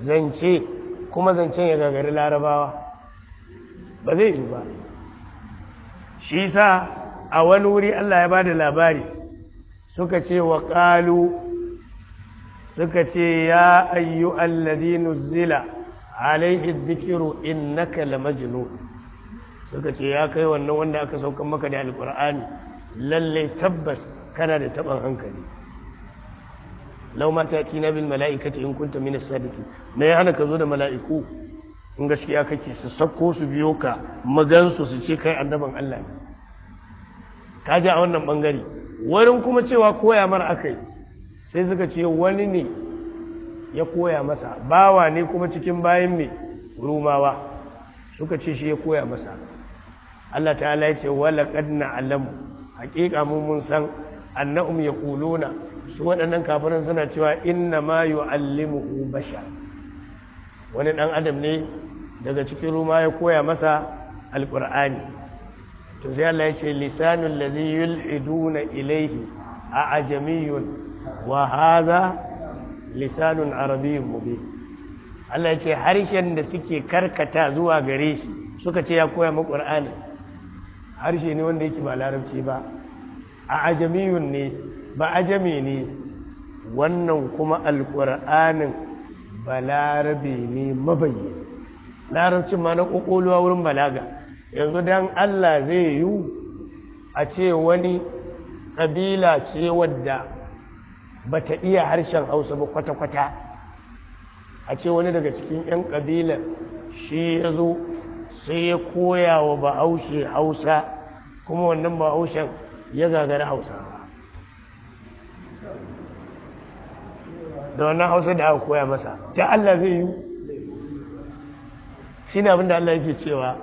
zance kuma zancen ya gagari larabawa ba zai yi ba shi sa a wani wuri allah ya ba da labari suka ce wa ƙalu suka ce ya ayyu ladinu zila alaihi dhikru innaka lamajnun suka ce ya kai wannan wanda aka saukan maka da alqur'ani lalle tabbas kana da taban hankali law ma na bil mala'ikati in kunta min as-sadiqin me ya hana ka zo da mala'iku in gaskiya kake su sako su biyo ka magansu su ce kai annaban Allah ne ka ji a wannan bangare wurin kuma cewa koya mara akai sai suka ce wani ne ya koya masa bawa ne kuma cikin bayan mai rumawa suka ce shi ya koya masa Allah ta halaye ce wala kadna alamu hakika mu mun san annahum yaquluna su waɗannan kafirin suna cewa inna ma yu'allimuhu bashar wani ɗan adam ne daga cikin ruma ya koya masa alqur'ani to sai Allah ya ce lisanul ladhi yul'iduna ilayhi a ajamiyun wa hadha lisanun arabiyyun mubin Allah ya ce harshen da suke karkata zuwa gare shi suka ce ya koya mu Qur'ani harshe ne wanda yake ba larabci ba a ajamiyun ne ba ajami ne wannan kuma alƙur'anin ba larabe ne mabayi larabcin ma na ƙoƙoluwa wurin balaga yanzu don Allah zai yi a ce wani ƙabila ce wadda ba ta iya harshen hausa ba kwata-kwata a ce wani daga cikin 'yan ƙabila shi ya zo sai ya koya wa bahaushe hausa kuma wannan bahaushen ya gagari hausa ba. da wannan hausa da aka koya masa ta Allah zai yi shi ne abinda Allah yake cewa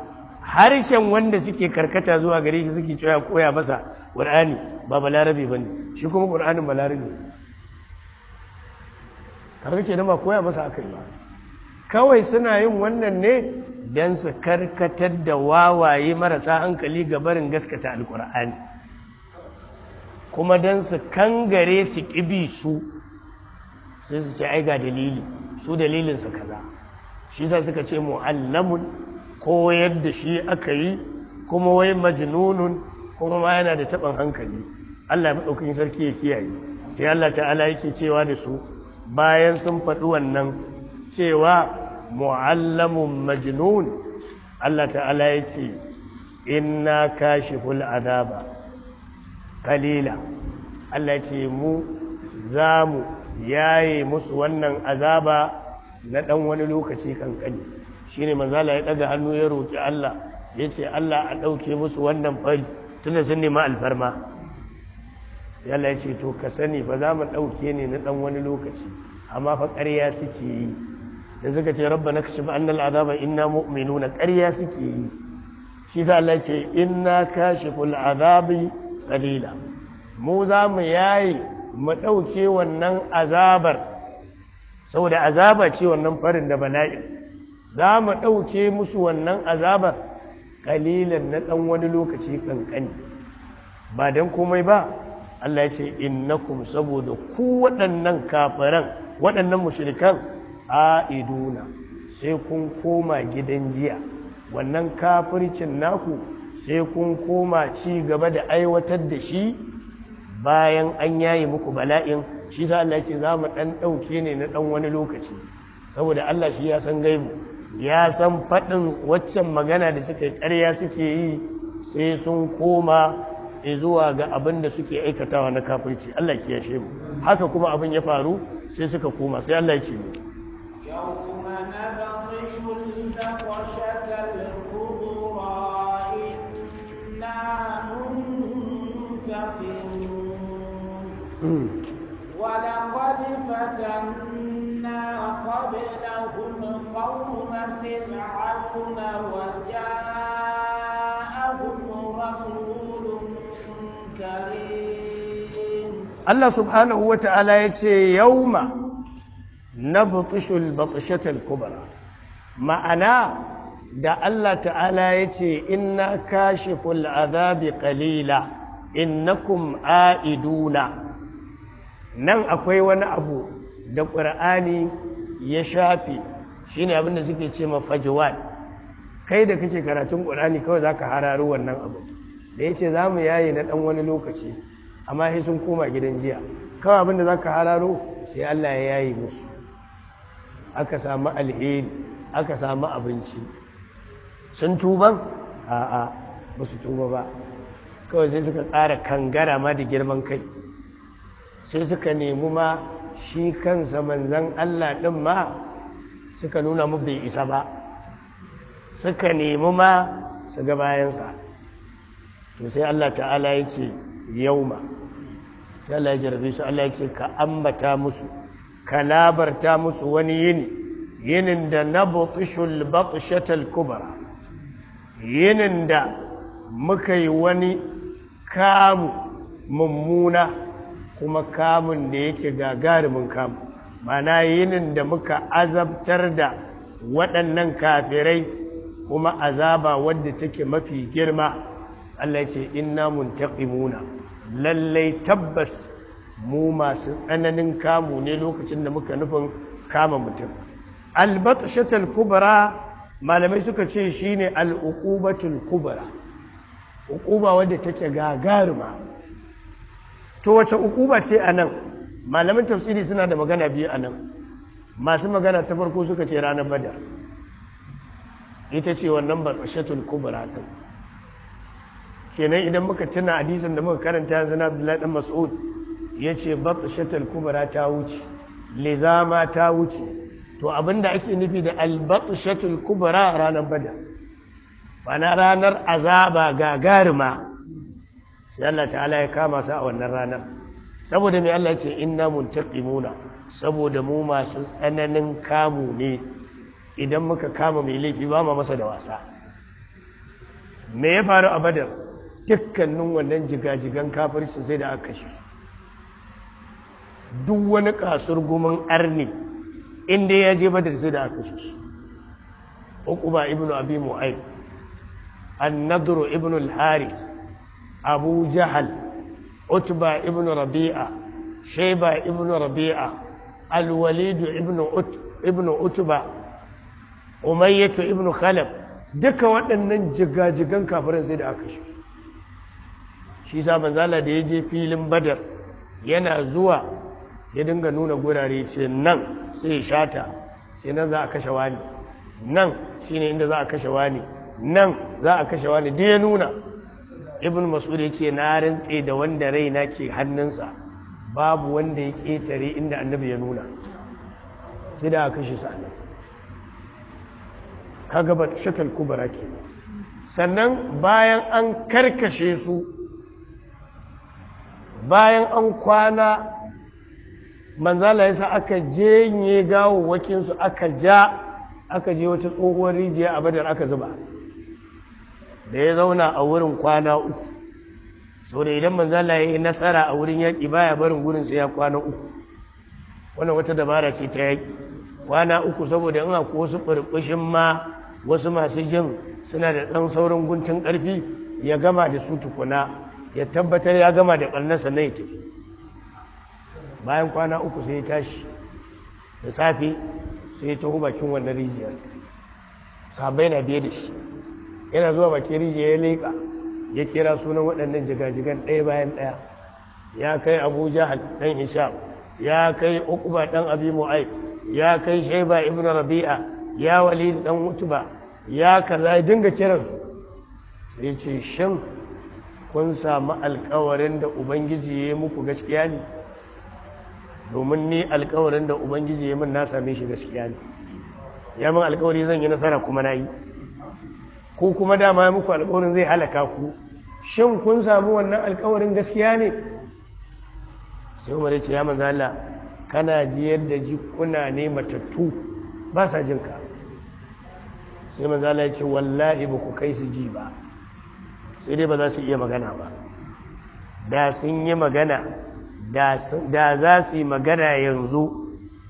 harshen wanda suke karkata zuwa gare shi suke cewa koya masa ƙur'ani ba balarabe ba ne shi kuma ƙur'anin balarabe kaga ke ba koya masa aka yi ba kawai suna yin wannan ne don su karkatar da wawaye marasa hankali ga barin gaskata alkur'ani kuma don su kangare su ƙibi su sai su ce ai ga dalili su dalilinsa kaza shi sa suka ce mu'allamun ko yadda shi aka yi kuma wai majnunun kuma ma yana da taɓin hankali Allah ya maɗaukakin sarki ya kiyaye sai Allah ta'ala yake cewa da su bayan sun faɗi wannan cewa mu'allamun majnun Allah ta'ala ya ce inna kashi azaba kalila Allah ya ce mu za mu yaye musu wannan azaba na ɗan wani lokaci kankani shi ne manzala ya ɗaga hannu ya roƙi Allah ya ce Allah a ɗauke musu wannan fari tunda sun nema alfarma sai Allah ya ce to ka sani ba za mu ɗauke ne na ɗan wani lokaci amma fa ƙarya suke yi da suka ce rabba na kashi ba'an inna mu'minu na ƙarya suke yi shi sa Allah ce inna kashi azabi ƙalila mu za mu yayi mu ɗauke wannan azabar saboda azaba ce wannan farin da bala'i za mu ɗauke musu wannan azabar ƙalilan na ɗan wani lokaci ƙanƙani ba dan komai ba Allah ya ce innakum saboda ku waɗannan kafaran, waɗannan mushrikan aiduna sai kun koma gidan jiya wannan kafircin naku sai kun koma ci gaba da aiwatar da shi bayan an yayi muku bala'in shi sa Allah ya ce za mu ɗan ɗauke ne na ɗan wani lokaci saboda Allah shi ya san gaibu ya san faɗin waccan magana da suka yi ƙarya suke yi sai sun koma zuwa ga abin da suke aikatawa na kafirci Allah ya yashe mu haka kuma abin ya faru sai suka koma sai Allah ya ce mu ولقد فتنا قبلهم قوم فرعون وجاءوا Allah subhanahu wa ta'ala ya ce yauma na butushul batushatul kubra ma'ana da Allah ta'ala ya ce inna kashiful azabi qalila innakum aiduna nan akwai wani abu da ƙur'ani ya shafi shine abin da suke ce mafajwad kai da kake karatun ƙur'ani kawai zaka hararu wannan abu da yace zamu yaye na ɗan wani lokaci amma sai sun koma gidan jiya kawai abinda za ka halaro sai Allah ya yayi musu aka samu alheri aka samu abinci sun tuban a'a ba su tuba ba kawai sai suka ƙara kangara ma da girman kai sai suka nemi ma shi kansa manzan Allah ɗin ma suka nuna mu bai isa ba suka nemi ma su ga bayansa to sai Allah ta'ala ya ce yauma sai Allah ya jarabe su Allah ya ce ka ambata musu ka labarta musu wani yini yinin da na buƙishul baƙishatal kubara yinin da muka yi wani kamu mummuna kuma kamun da yake gagarumin kamu mana yinin da muka azabtar da waɗannan kafirai kuma azaba wadda take mafi girma Allah ce inna muntaqimuna lallai tabbas mu masu tsananin kamu ne lokacin da muka nufin kama mutum albatashatul kubra malamai suka ce shine al'uqubatul kubra uquba wadda take gagaruma to wace uquba ce anan Malamin tafsiri suna da magana biyu anan masu magana ta farko suka ce ranar badar ita ce wannan batashatul kubra din kenan idan muka tuna hadisin da muka karanta yanzu na Abdullahi dan Mas'ud yace batshatul kubra ta wuce lizama ta wuce to abinda ake nufi da batshatul kubra ranar bada bana ranar azaba gagarima sai Allah ta'ala ya kama su a wannan ranar saboda mai Allah ce inna muntaqimuna saboda mu masu tsananin kamu ne idan muka kama mai laifi ba mu masa da wasa me ya faru a badar dukkanin wannan jigajigan kafirci sai da aka shi su duk wani kasur gumin arni inda ya je badar sai da aka shi su Uku ba ibnu abi mu'ayyib an ibnu al-haris abu jahal utba ibnu rabi'a shayba ibnu rabi'a al-walid ibnu ibnu utba umayyah ibnu khalaf duka waɗannan jigajigan kafirin sai da aka shi su shi sa manzala da ya je filin badar yana zuwa ya dinga nuna gurare ce nan sai ya shata sai nan za a kashe wani nan shine inda za a kashe wani nan za a kashe wani duk ya nuna ibn mas'ud ce na rintse da wanda raina ke hannunsa babu wanda ya ƙetare inda annabi ya nuna sai da a kashe sa ka gaba shakal kubara ke sannan bayan an karkashe su bayan an kwana manzala yasa aka je gawo wakinsu aka ja aka je wata tsohuwar rijiya a badar aka zuba da ya zauna a wurin kwana uku sau da idan manzala ya yi nasara a wurin yaƙi baya barin wurin sai ya kwana uku wannan wata dabara ce ta yaƙi kwana uku saboda ina ko wasu ɓarɓashin ma wasu masu jin suna da ɗan saurin guntun ƙarfi ya gama da su tukuna ya tabbatar ya gama da ɓarnarsa na ya tafi bayan kwana uku sai ya tashi da safe sai ya taho bakin wannan rijiyar sabai na biye da shi yana zuwa bakin rijiyar ya leƙa ya kira sunan waɗannan jigajigan ɗaya bayan ɗaya ya kai abuja ɗan hisham ya kai ukuba ɗan abi mu'ai ya kai shaiba ibn rabi'a ya wali ɗan mutuba ya kaza dinga kiransu sai ce shin kun samu alkawarin da ubangiji ya muku gaskiya ne domin ni alkawarin da ubangiji ya min na same shi gaskiya ne ya min alkawari zan yi nasara kuma na yi ko kuma dama ya muku alkawarin zai halaka ku shin kun samu wannan alkawarin gaskiya ne sai umar ya ce ya manzo Allah kana ji yadda kuna ne matattu ba sa jinka sai manzo Allah ya ce wallahi ba ku kai su ji ba sai dai ba za su iya magana ba da sun yi magana da za su yi magana yanzu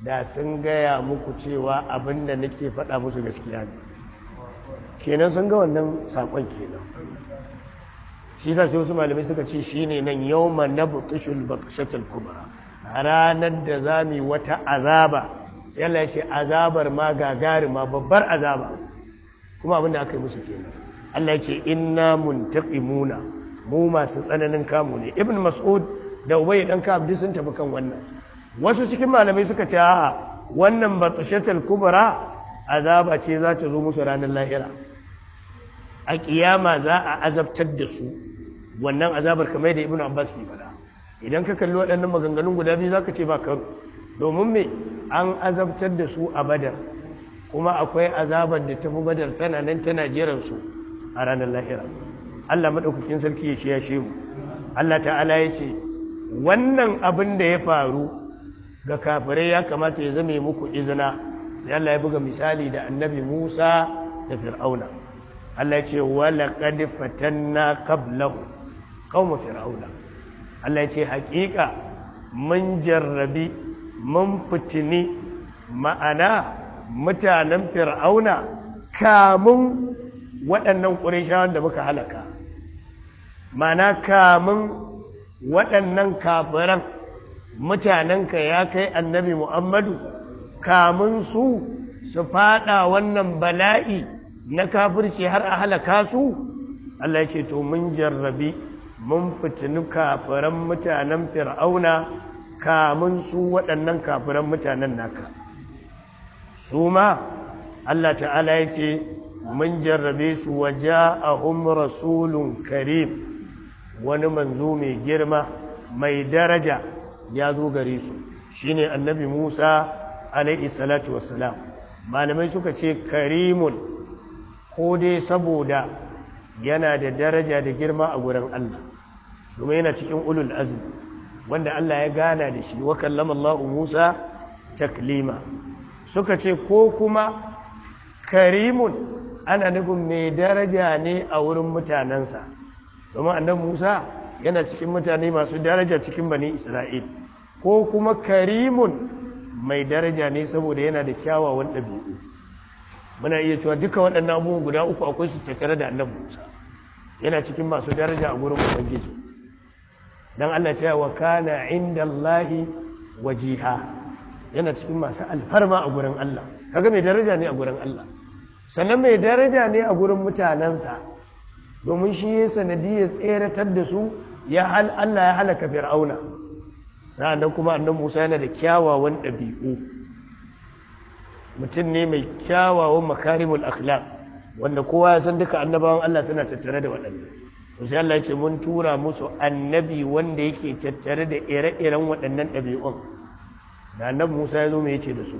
da sun gaya muku cewa abin da nake faɗa musu gaskiya ne kenan sun ga wannan sakon kenan shi sa sai wasu malamai suka ce shi ne nan yau ma na bukishul baƙashatul kuma ranar da za mu wata azaba sai Allah ya ce azabar ma gagari ma babbar azaba kuma abin da aka yi musu kenan Allah ce inna muntaqimuna mu masu tsananin kamu ne ibn mas'ud da ubay dan abdi sun tafi kan wannan wasu cikin malamai suka ce a wannan batshatul kubra azaba ce za ta zo musu ranar lahira a kiyama za a azabtar da su wannan azabar kamar da ibn abbas ke faɗa idan ka kalli waɗannan maganganun guda biyu zaka ce ba karo domin me an azabtar da su a badar kuma akwai azabar da tafi badar tana nan tana jiran su a ranar lahira Allah maɗaukakin sarki ya shi ya shi mu Allah ta'ala ya ce wannan abin da ya faru ga kafirai ya kamata ya zame muku izina sai Allah ya buga misali da annabi Musa da Fir'auna Allah ya ce wala qad fatanna qablahu qaum fir'auna Allah ya ce haƙiƙa mun jarrabi mun fitini ma'ana mutanen fir'auna kamun waɗannan shawar da muka halaka mana kamun waɗannan kafiran mutanenka ya kai annabi muhammadu kamun su su faɗa wannan bala'i na kafirci har a halaka su Allah ce to mun jarrabi mun fitini kafiran mutanen fir'auna kamun su waɗannan kafiran mutanen naka su ma Allah ta'ala ya ce mun jarrabe su waja a rasulun karim wani manzo mai girma mai daraja ya zo gare su shine annabi musa alaihi salatu wassalam malamai suka ce karimun ko dai saboda yana da daraja da girma a gurin allah kuma yana cikin ulul azmi wanda allah ya gana da shi wa kallama allahu musa taklima suka ce ko kuma karimun ana nufin mai daraja ne a wurin mutanensa domin annabi Musa yana cikin mutane masu daraja cikin bani Isra'il ko kuma karimun mai daraja ne saboda yana da kyawawan ɗabi'u muna iya cewa duka waɗannan abubuwan guda uku akwai su tattare da nan Musa yana cikin masu daraja a gurin ubangiji dan Allah ce wa kana indallahi wajiha yana cikin masu alfarma a gurin Allah kaga mai daraja ne a gurin Allah sannan mai daraja ne a gurin mutanensa domin shi ya sanadiyar tseratar da su ya Allah ya halaka fir'auna sa'annan kuma annan musa yana da kyawawan ɗabi'u mutum ne mai kyawawan makarimul akhlaq wanda kowa ya san duka annabawan Allah suna tattare da waɗannan to sai Allah ya ce mun tura musu annabi wanda yake tattare da ire-iren waɗannan ɗabi'un da annabi musa ya zo mai yace da su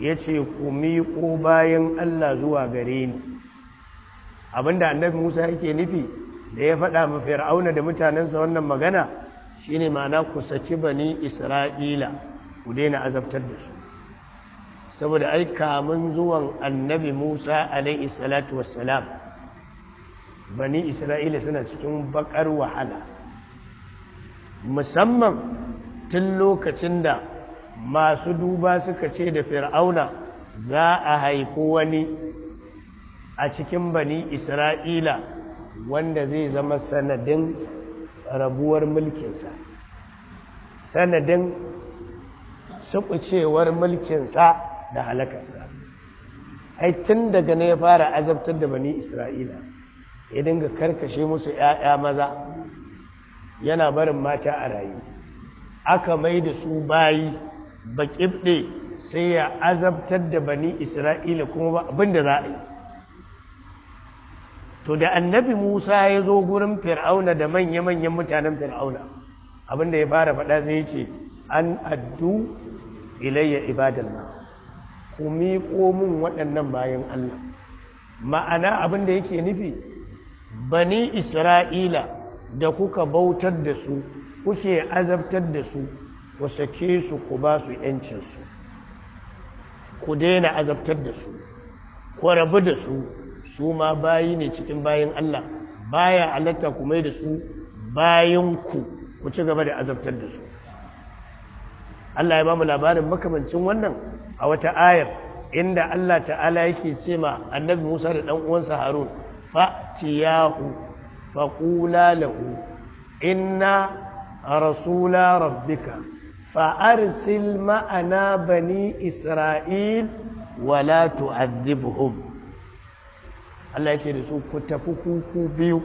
ya ce ku miƙo bayan Allah zuwa gare ni abinda annabi musa yake nufi da ya faɗa ma fir'auna da mutanensa wannan magana shine ma'ana ku saki bani isra'ila ku daina azabtar da su saboda ai kamun zuwan annabi musa alaihi salatu wassalam bani isra'ila suna cikin bakar wahala musamman tun lokacin da masu duba suka ce da fir'auna za a haiku wani a cikin bani isra'ila wanda zai zama sanadin rabuwar mulkinsa sanadin suɓucewar mulkinsa da halakarsa tun daga na ya fara azabtar da bani isra'ila ya dinga karkashe musu 'ya'ya maza yana barin mata a rayu aka mai da su bayi baƙibɗe sai ya azabtar da bani isra'ila kuma ba abin da za a yi to da annabi musa ya zo gurin fir'auna da manya-manyan mutanen fir'auna abin da ya fara faɗa sai ya ce an addu ilayya ibadallah ku miƙo min waɗannan bayan allah ma'ana abin da yake nufi bani isra'ila da kuka bautar da su kuke azabtar da su ku sake su ku ba su yancinsu ku daina azabtar da su ku rabu da su su ma bayi ne cikin bayin Allah baya alatta ku mai da su bayan ku ku ci gaba da azabtar da su Allah ya ba mu labarin makamancin wannan a wata ayar inda Allah ta'ala yake ce ma annabi Musa da ɗan uwansa Harun fa'tiyahu faqula inna rasula rabbika fa'arsil ma'ana bani isra'il wala tu'adhibhum Allah yake da su ku tafi kuku biyu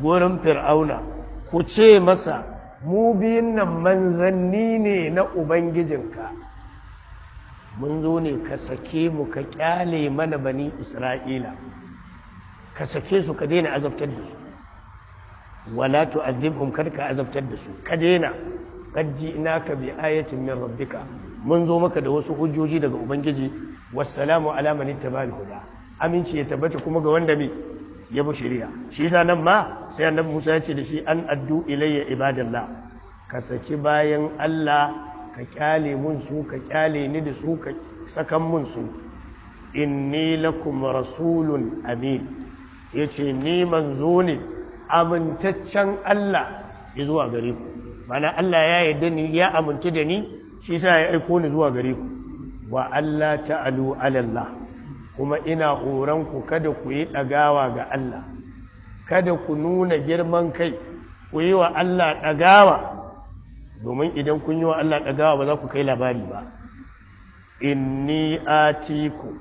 gurin fir'auna ku ce masa mu biyun nan manzanni ne na ubangijinka mun zo ne ka sake mu ka kyale mana bani isra'ila ka sake su ka daina azabtar da su wala tu'adhibhum kar ka azabtar da su ka daina ina ka bi ayatin min rabbika mun zo maka da wasu hujjoji daga ubangiji wassalamu ala man ittaba huda aminci ya tabbata kuma ga wanda bi ya bi shari'a shi yasa nan ma sai annabi Musa ya ce da shi an addu ilayya ibadallah ka saki bayan Allah ka kyale mun su ka kyale ni da su ka sakan mun su inni lakum rasulun amin yace ni manzo ne amintaccen Allah ya zuwa gare ku mana Allah ya yarda ni ya amince da ni shi yasa ya aiko ni zuwa gare ku wa Allah ta'alu alallah kuma ina horon ku kada ku yi dagawa ga Allah kada ku nuna girman kai ku yi wa Allah dagawa domin idan kun yi wa Allah dagawa ba za ku kai labari ba inni atiku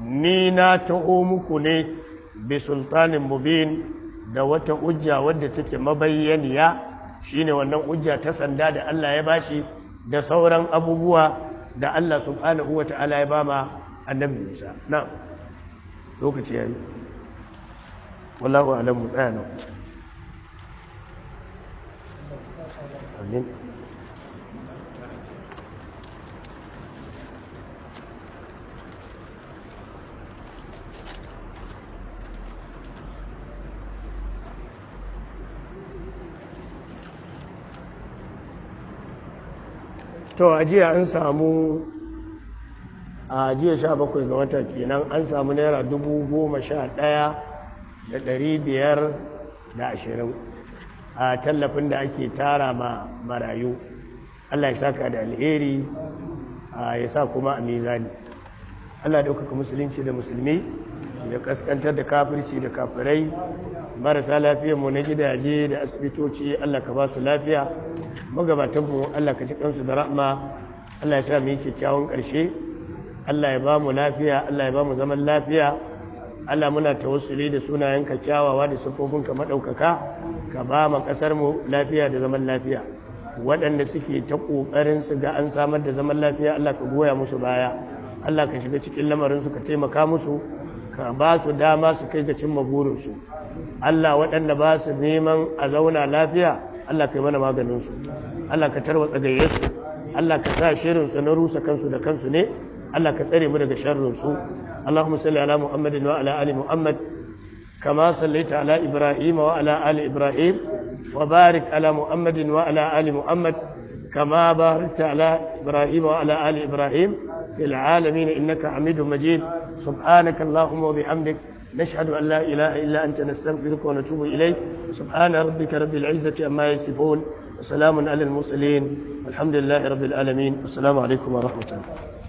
ni na taho muku ne bi sultanin mubin da wata hujja wadda take mabayyaniya Shi ne wannan hujja ta sanda da Allah ya ba shi da sauran abubuwa da Allah subhanahu ta'ala ya bama annabi Musa Na lokaci ya yi, wallahu tsaya mutsaya amin to a jiya an samu a jiya sha bakwai ga wata kenan an samu naira dubu goma sha ɗaya da ɗari biyar da ashirin a tallafin da ake tara ma marayu allah ya saka da alheri ya sa kuma a mizani allah ɗaukaka musulunci da musulmi ya kaskantar da kafirci da kafirai marasa lafiyar na gidaje da asibitoci allah ka ba su lafiya magabatanmu Allah ka ci kansu da rahma Allah ya sa mu yi kyakkyawan ƙarshe Allah ya ba mu lafiya Allah ya ba mu zaman lafiya Allah muna tawassuli da sunayen kyawawa da ka maɗaukaka ka ba mu ƙasar mu lafiya da zaman lafiya waɗanda suke ta ƙoƙarin su ga an samar da zaman lafiya Allah ka goya musu baya Allah ka shiga cikin lamarin su ka taimaka musu ka ba su dama su kai ga cimma burinsu Allah waɗanda ba su neman a zauna lafiya Allah kai mana maganin su Allah ka tarwatsa gayyar su Allah ka sa shirin su na rusa kansu da kansu ne Allah ka tsare mu daga sharrin su Allahumma salli ala Muhammadin wa ala ali Muhammad kama sallaita ala Ibrahim wa ala ali Ibrahim wa barik ala Muhammadin wa ala ali Muhammad Kama كما باركت على إبراهيم وعلى آل إبراهيم في العالمين إنك حميد مجيد سبحانك اللهم وبحمدك نشهد أن لا إله إلا أنت نستغفرك ونتوب إليك سبحان ربك رب العزة أما يصفون وسلام على المرسلين والحمد لله رب العالمين والسلام عليكم ورحمة الله